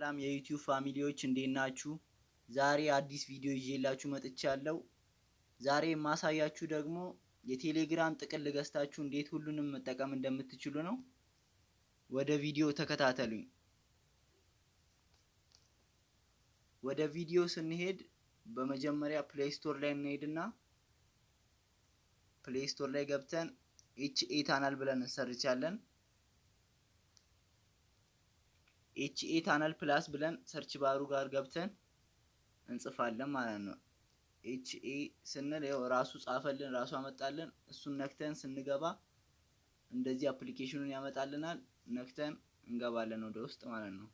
ሰላም የዩቲዩብ ፋሚሊዎች እንዴት ናችሁ? ዛሬ አዲስ ቪዲዮ ይዤላችሁ መጥቻለሁ። ዛሬ የማሳያችሁ ደግሞ የቴሌግራም ጥቅል ገዝታችሁ እንዴት ሁሉንም መጠቀም እንደምትችሉ ነው። ወደ ቪዲዮ ተከታተሉኝ። ወደ ቪዲዮ ስንሄድ በመጀመሪያ ፕሌይ ስቶር ላይ እንሄድና ፕሌይ ስቶር ላይ ገብተን ኤች ኤ ታናል ብለን እንሰርቻለን። ኤችኤ ታነል ፕላስ ብለን ሰርች ባሩ ጋር ገብተን እንጽፋለን ማለት ነው። ኤችኤ ስንል ያው ራሱ ጻፈልን፣ ራሱ አመጣልን። እሱን ነክተን ስንገባ እንደዚህ አፕሊኬሽኑን ያመጣልናል። ነክተን እንገባለን ወደ ውስጥ ማለት ነው።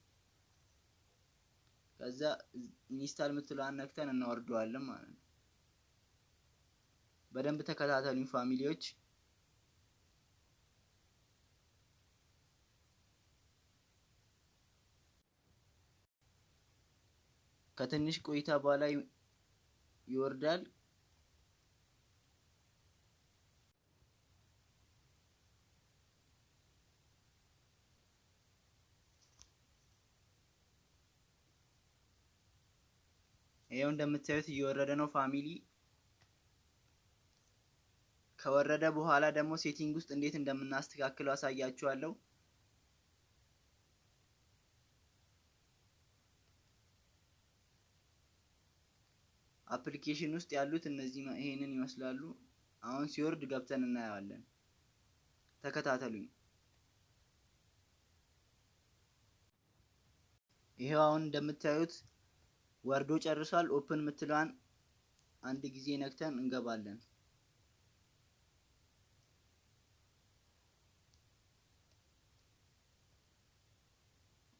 ከዛ ኢንስታል የምትለዋን ነክተን እናወርደዋለን ማለት ነው። በደንብ ተከታተሉኝ ፋሚሊዎች። ከትንሽ ቆይታ በኋላ ይወርዳል። ይኸው እንደምታዩት እየወረደ ነው ፋሚሊ። ከወረደ በኋላ ደግሞ ሴቲንግ ውስጥ እንዴት እንደምናስተካክለው አሳያችኋለሁ። አፕሊኬሽን ውስጥ ያሉት እነዚህ ይሄንን ይመስላሉ። አሁን ሲወርድ ገብተን እናየዋለን። ተከታተሉኝ። ይሄው አሁን እንደምታዩት ወርዶ ጨርሷል። ኦፕን ምትለዋን አንድ ጊዜ ነክተን እንገባለን።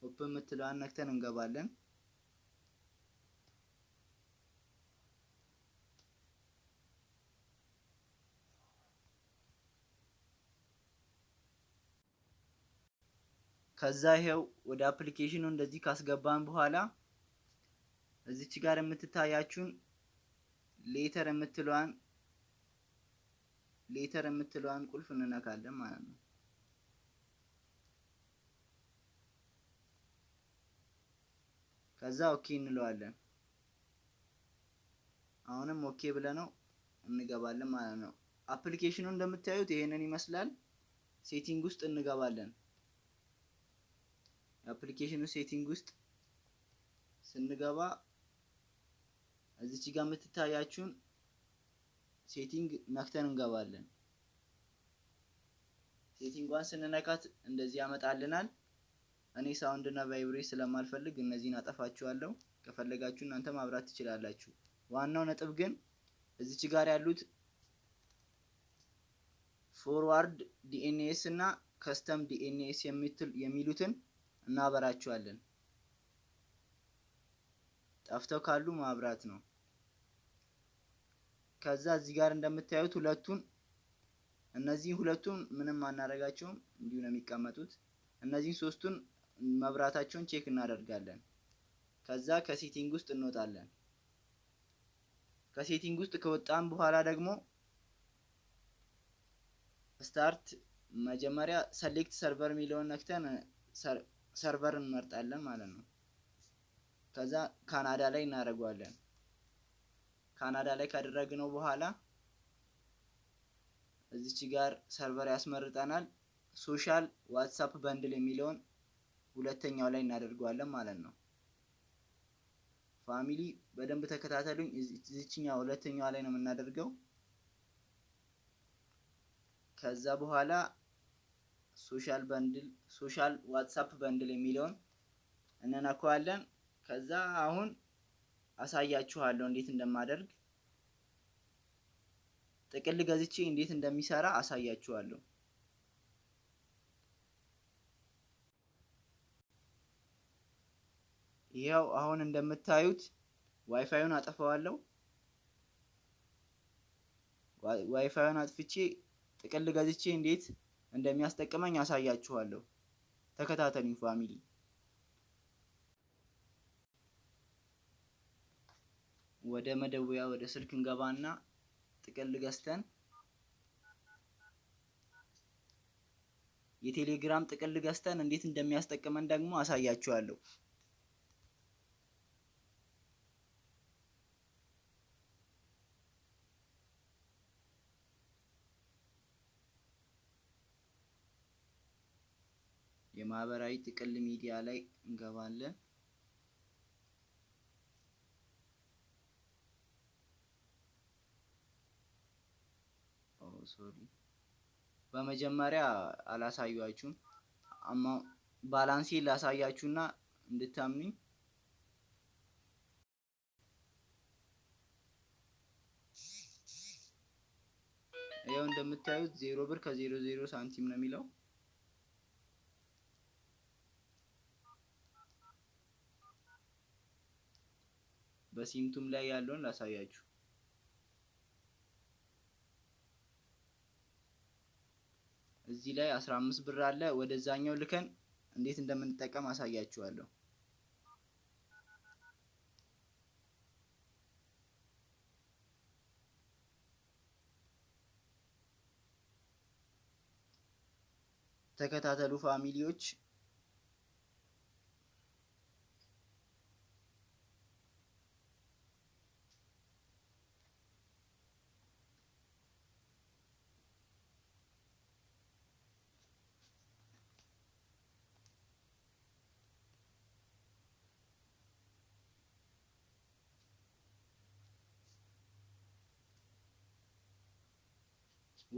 ኦፕን ምትለዋን ነክተን እንገባለን። ከዛ ይሄው ወደ አፕሊኬሽኑ እንደዚህ ካስገባን በኋላ እዚች ጋር የምትታያችሁን ሌተር የምትለዋን ሌተር የምትለዋን ቁልፍ እንነካለን ማለት ነው። ከዛ ኦኬ እንለዋለን። አሁንም ኦኬ ብለ ነው እንገባለን ማለት ነው። አፕሊኬሽኑ እንደምታዩት ይሄንን ይመስላል። ሴቲንግ ውስጥ እንገባለን። የአፕሊኬሽኑ ሴቲንግ ውስጥ ስንገባ እዚች ጋር የምትታያችሁን ሴቲንግ ነክተን እንገባለን። ሴቲንጓን ስንነካት እንደዚህ ያመጣልናል። እኔ ሳውንድ እና ቫይብሬት ስለማልፈልግ እነዚህን አጠፋችኋለሁ። ከፈለጋችሁ እናንተ ማብራት ትችላላችሁ። ዋናው ነጥብ ግን እዚች ጋር ያሉት ፎርዋርድ ዲኤንኤስ እና ከስተም ዲኤንኤስ የሚሉትን እናበራቸዋለን። ጠፍተው ካሉ ማብራት ነው። ከዛ እዚህ ጋር እንደምታዩት ሁለቱን እነዚህ ሁለቱን ምንም አናደርጋቸውም፣ እንዲሁ ነው የሚቀመጡት። እነዚህን ሶስቱን መብራታቸውን ቼክ እናደርጋለን። ከዛ ከሴቲንግ ውስጥ እንወጣለን። ከሴቲንግ ውስጥ ከወጣን በኋላ ደግሞ ስታርት መጀመሪያ ሰሌክት ሰርቨር የሚለውን ነክተን ሰርቨር እንመርጣለን ማለት ነው። ከዛ ካናዳ ላይ እናደርገዋለን። ካናዳ ላይ ካደረግነው በኋላ እዚች ጋር ሰርቨር ያስመርጠናል። ሶሻል ዋትሳፕ በንድል የሚለውን ሁለተኛው ላይ እናደርገዋለን ማለት ነው። ፋሚሊ በደንብ ተከታተሉኝ። እዚችኛ ሁለተኛዋ ላይ ነው የምናደርገው። ከዛ በኋላ ሶሻል በንድል ሶሻል ዋትሳፕ በንድል የሚለውን እንነካዋለን። ከዛ አሁን አሳያችኋለሁ እንዴት እንደማደርግ ጥቅል ገዝቼ እንዴት እንደሚሰራ አሳያችኋለሁ። ይኸው አሁን እንደምታዩት ዋይፋዩን አጠፋዋለሁ። ዋይፋዩን አጥፍቼ ጥቅል ገዝቼ እንዴት እንደሚያስጠቅመኝ አሳያችኋለሁ። ተከታተሉኝ ፋሚሊ። ወደ መደወያ ወደ ስልክ እንገባና ጥቅል ገዝተን የቴሌግራም ጥቅል ገዝተን እንዴት እንደሚያስጠቅመን ደግሞ አሳያችኋለሁ። ማህበራዊ ጥቅል ሚዲያ ላይ እንገባለን። ሶሪ በመጀመሪያ አላሳያችሁም። ባላንሴ ላሳያችሁና እንድታምኝ ያው እንደምታዩት ዜሮ ብር ከዜሮ ዜሮ ሳንቲም ነው የሚለው በሲምቱም ላይ ያለውን ላሳያችሁ። እዚህ ላይ 15 ብር አለ። ወደዛኛው ልከን እንዴት እንደምንጠቀም አሳያችኋለሁ። ተከታተሉ ፋሚሊዎች።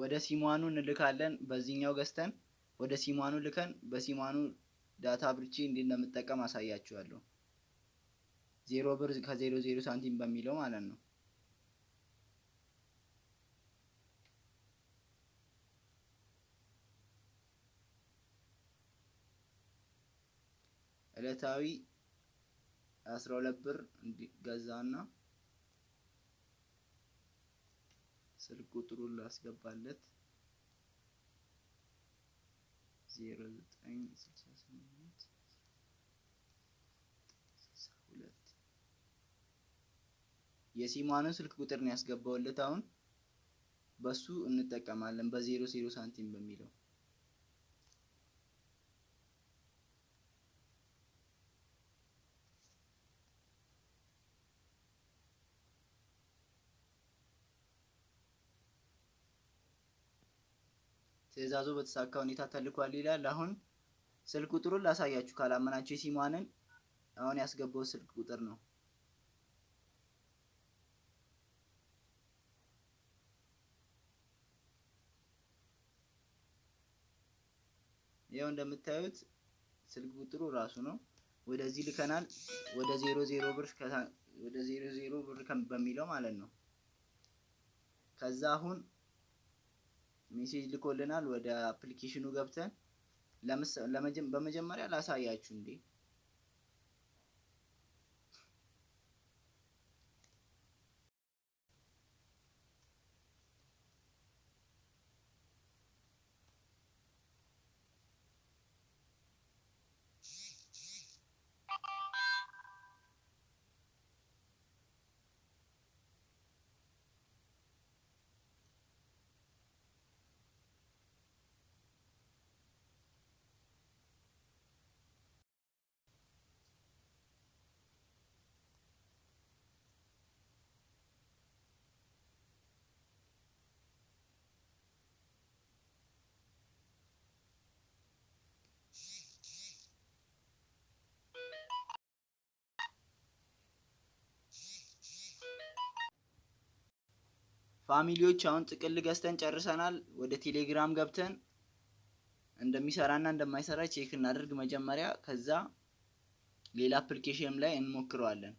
ወደ ሲሟኑ እንልካለን። በዚህኛው ገዝተን ወደ ሲሟኑ ልከን በሲሟኑ ዳታ ብርቺ እንዴት እንደምጠቀም አሳያችኋለሁ። ዜሮ ብር ከዜሮ ዜሮ ሳንቲም በሚለው ማለት ነው። ዕለታዊ አስራ ሁለት ብር እንዲገዛና ስልክ ቁጥሩን ላስገባለት 0968 62 የሲሟንን ስልክ ቁጥር ነው ያስገባውለት። አሁን በሱ እንጠቀማለን በ00 ሳንቲም በሚለው ትዕዛዙ በተሳካ ሁኔታ ተልኳል ይላል። አሁን ስልክ ቁጥሩን ላሳያችሁ ካላመናችሁ የሲሟንን አሁን ያስገባው ስልክ ቁጥር ነው። ይኸው እንደምታዩት ስልክ ቁጥሩ ራሱ ነው። ወደዚህ ልከናል። ወደ ዜሮ ዜሮ ብር ወደ ዜሮ ዜሮ ብር በሚለው ማለት ነው ከዛ አሁን ሜሴጅ ልኮልናል። ወደ አፕሊኬሽኑ ገብተን በመጀመሪያ ላሳያችሁ እንዴ ፋሚሊዎች አሁን ጥቅል ገዝተን ጨርሰናል። ወደ ቴሌግራም ገብተን እንደሚሰራና እንደማይሰራ ቼክ እናደርግ መጀመሪያ። ከዛ ሌላ አፕሊኬሽን ላይ እንሞክረዋለን።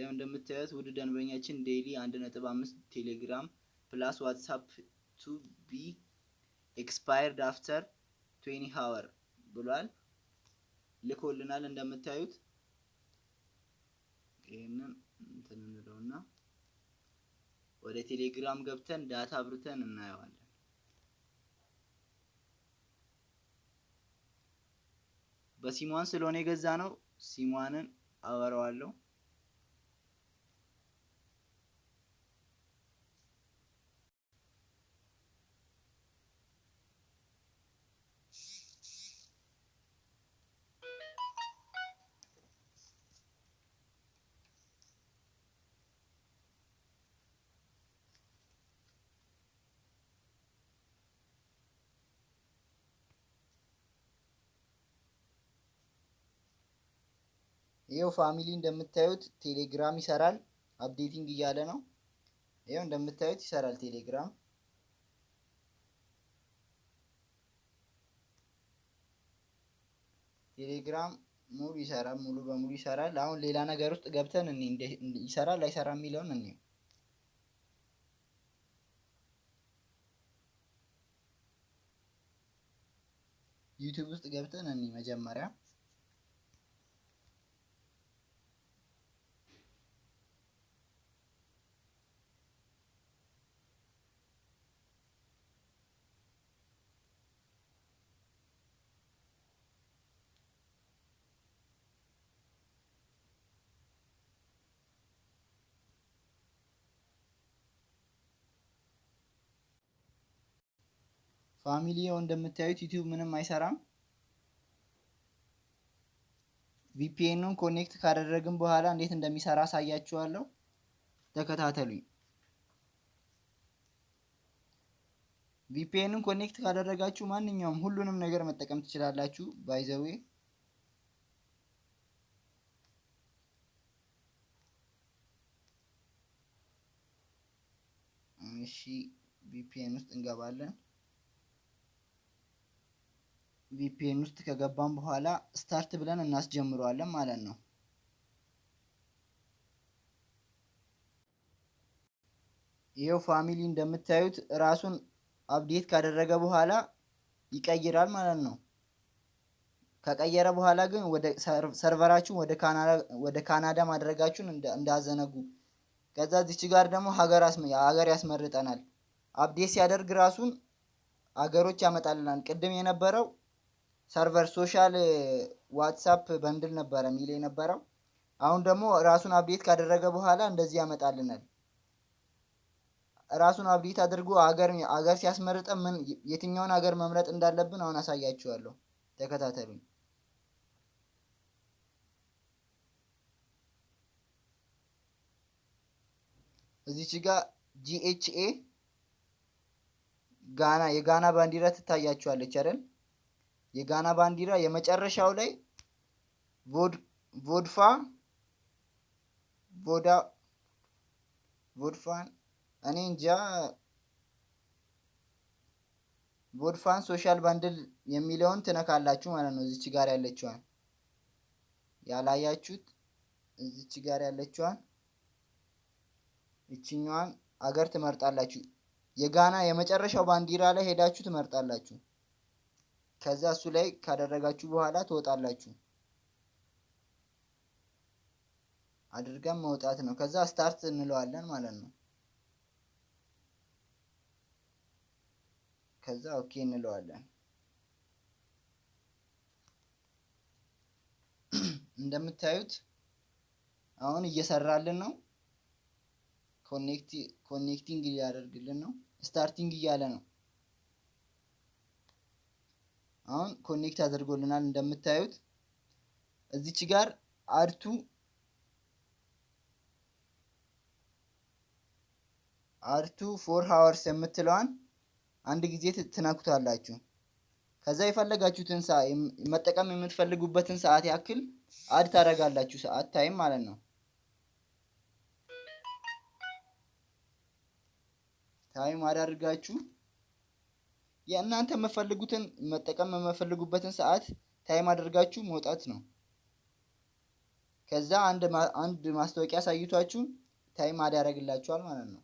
ያው እንደምታዩት ውድ ደንበኛችን ዴይሊ 1.5 ቴሌግራም ፕላስ ዋትሳፕ ቱ ቢ ኤክስፓየርድ አፍተር 20 ሃወር ብሏል ልኮልናል። እንደምታዩት ይህንን እንትን እና ወደ ቴሌግራም ገብተን ዳታ አብርተን እናየዋለን። በሲሟን ስለሆነ የገዛ ነው። ሲሟንን አበረዋለሁ። ይሄው ፋሚሊ እንደምታዩት ቴሌግራም ይሰራል። አፕዴቲንግ እያለ ነው። ይሄው እንደምታዩት ይሰራል ቴሌግራም። ቴሌግራም ሙሉ ይሰራል፣ ሙሉ በሙሉ ይሰራል። አሁን ሌላ ነገር ውስጥ ገብተን እኔ ይሰራል አይሰራም የሚለውን እኔ ዩቲዩብ ውስጥ ገብተን እኔ መጀመሪያ ፋሚሊው እንደምታዩት ዩቲዩብ ምንም አይሰራም። ቪፒኤኑን ኮኔክት ካደረግን በኋላ እንዴት እንደሚሰራ አሳያችኋለሁ። ተከታተሉኝ። ቪፒኑን ኮኔክት ካደረጋችሁ ማንኛውም ሁሉንም ነገር መጠቀም ትችላላችሁ። ባይዘዌ እሺ ቪፒኤን ውስጥ እንገባለን። ቪፒኤን ውስጥ ከገባን በኋላ ስታርት ብለን እናስጀምረዋለን ማለት ነው። ይኸው ፋሚሊ እንደምታዩት ራሱን አፕዴት ካደረገ በኋላ ይቀይራል ማለት ነው። ከቀየረ በኋላ ግን ወደ ሰርቨራችሁን ወደ ካናዳ ማድረጋችሁን እንዳዘነጉ። ከዛ ዚች ጋር ደግሞ ሀገር ያስመርጠናል። አፕዴት ሲያደርግ ራሱን ሀገሮች ያመጣልናል። ቅድም የነበረው ሰርቨር ሶሻል ዋትሳፕ በንድል ነበረ ሚል የነበረው። አሁን ደግሞ ራሱን አብዴት ካደረገ በኋላ እንደዚህ ያመጣልናል። ራሱን አብዴት አድርጎ አገር አገር ሲያስመርጠ ምን የትኛውን አገር መምረጥ እንዳለብን አሁን አሳያችኋለሁ። ተከታተሉኝ። እዚች ጋ ጂኤችኤ ጋና የጋና ባንዲራ ትታያችኋለች አይደል? የጋና ባንዲራ የመጨረሻው ላይ ቮድፋ ቮዳ ቮድፋን እኔ እንጃ ቮድፋን ሶሻል ባንድል የሚለውን ትነካላችሁ ማለት ነው። እዚች ጋር ያለችዋን ያላያችሁት እዚች ጋር ያለችዋን እችኛዋን አገር ትመርጣላችሁ። የጋና የመጨረሻው ባንዲራ ላይ ሄዳችሁ ትመርጣላችሁ። ከዛ እሱ ላይ ካደረጋችሁ በኋላ ትወጣላችሁ። አድርገን መውጣት ነው። ከዛ ስታርት እንለዋለን ማለት ነው። ከዛ ኦኬ እንለዋለን። እንደምታዩት አሁን እየሰራልን ነው። ኮኔክቲንግ እያደርግልን ነው። ስታርቲንግ እያለ ነው። አሁን ኮኔክት አድርጎልናል እንደምታዩት እዚች ጋር አድቱ አድቱ ፎር ሃወርስ የምትለዋን አንድ ጊዜ ትነኩታላችሁ። ከዛ የፈለጋችሁትን መጠቀም የምትፈልጉበትን ሰዓት ያክል አድ ታደርጋላችሁ። ሰዓት ታይም ማለት ነው። ታይም አዳርጋችሁ የእናንተ የምፈልጉትን መጠቀም የምፈልጉበትን ሰዓት ታይም አድርጋችሁ መውጣት ነው። ከዛ አንድ ማስታወቂያ አሳይቷችሁ ታይም አድ ያደርግላችኋል ማለት ነው።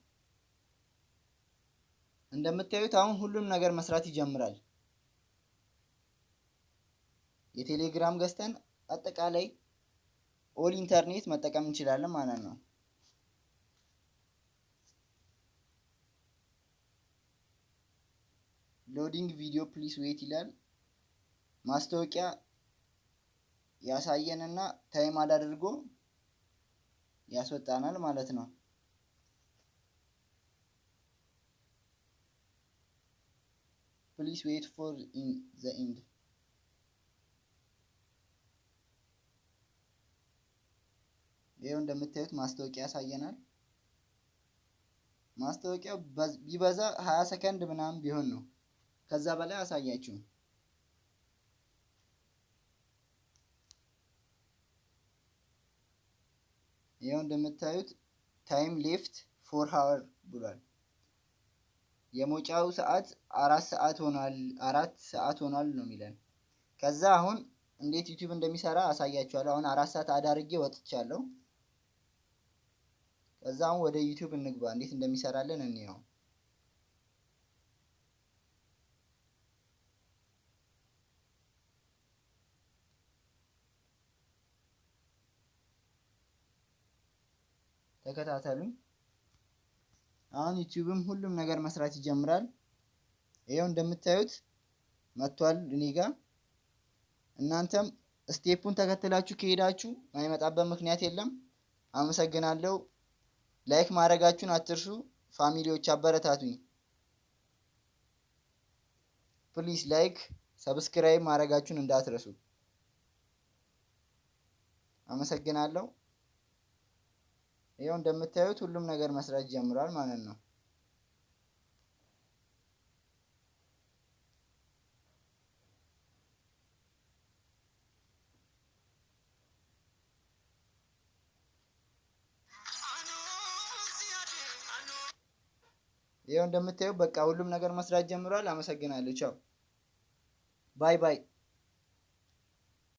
እንደምታዩት አሁን ሁሉም ነገር መስራት ይጀምራል። የቴሌግራም ገዝተን አጠቃላይ ኦል ኢንተርኔት መጠቀም እንችላለን ማለት ነው። ሎዲንግ ቪዲዮ ፕሊስ ዌት ይላል። ማስታወቂያ ያሳየንና ታይም አዳድርጎ ያስወጣናል ማለት ነው። ፕሊስ ዌት ፎር ዘ ኢንድ ይኸው እንደምታዩት ማስታወቂያ ያሳየናል። ማስታወቂያው ቢበዛ ሀያ ሰከንድ ምናምን ቢሆን ነው። ከዛ በላይ አሳያችሁ። ይኸው እንደምታዩት ታይም ሌፍት ፎር ሀወር ብሏል። የመውጫው ሰዓት አራት ሰዓት ሆኗል አራት ሰዓት ሆኗል ነው የሚለን። ከዛ አሁን እንዴት ዩቲዩብ እንደሚሰራ አሳያችኋለሁ። አሁን አራት ሰዓት አዳርጌ ወጥቻለሁ። ከዛ አሁን ወደ ዩቲዩብ እንግባ እንዴት እንደሚሰራለን እንየው። ተከታተሉኝ። አሁን ዩቲዩብም ሁሉም ነገር መስራት ይጀምራል። ይኸው እንደምታዩት መጥቷል እኔ ጋር። እናንተም ስቴፑን ተከትላችሁ ከሄዳችሁ የማይመጣበት ምክንያት የለም። አመሰግናለሁ። ላይክ ማድረጋችሁን አትርሱ። ፋሚሊዎች አበረታቱኝ። ፕሊስ ላይክ፣ ሰብስክራይብ ማድረጋችሁን እንዳትረሱ። አመሰግናለሁ። ይኸው እንደምታዩት ሁሉም ነገር መስራት ጀምሯል ማለት ነው። ይኸው እንደምታዩት በቃ ሁሉም ነገር መስራት ጀምሯል። አመሰግናለሁ። ቻው ባይ ባይ።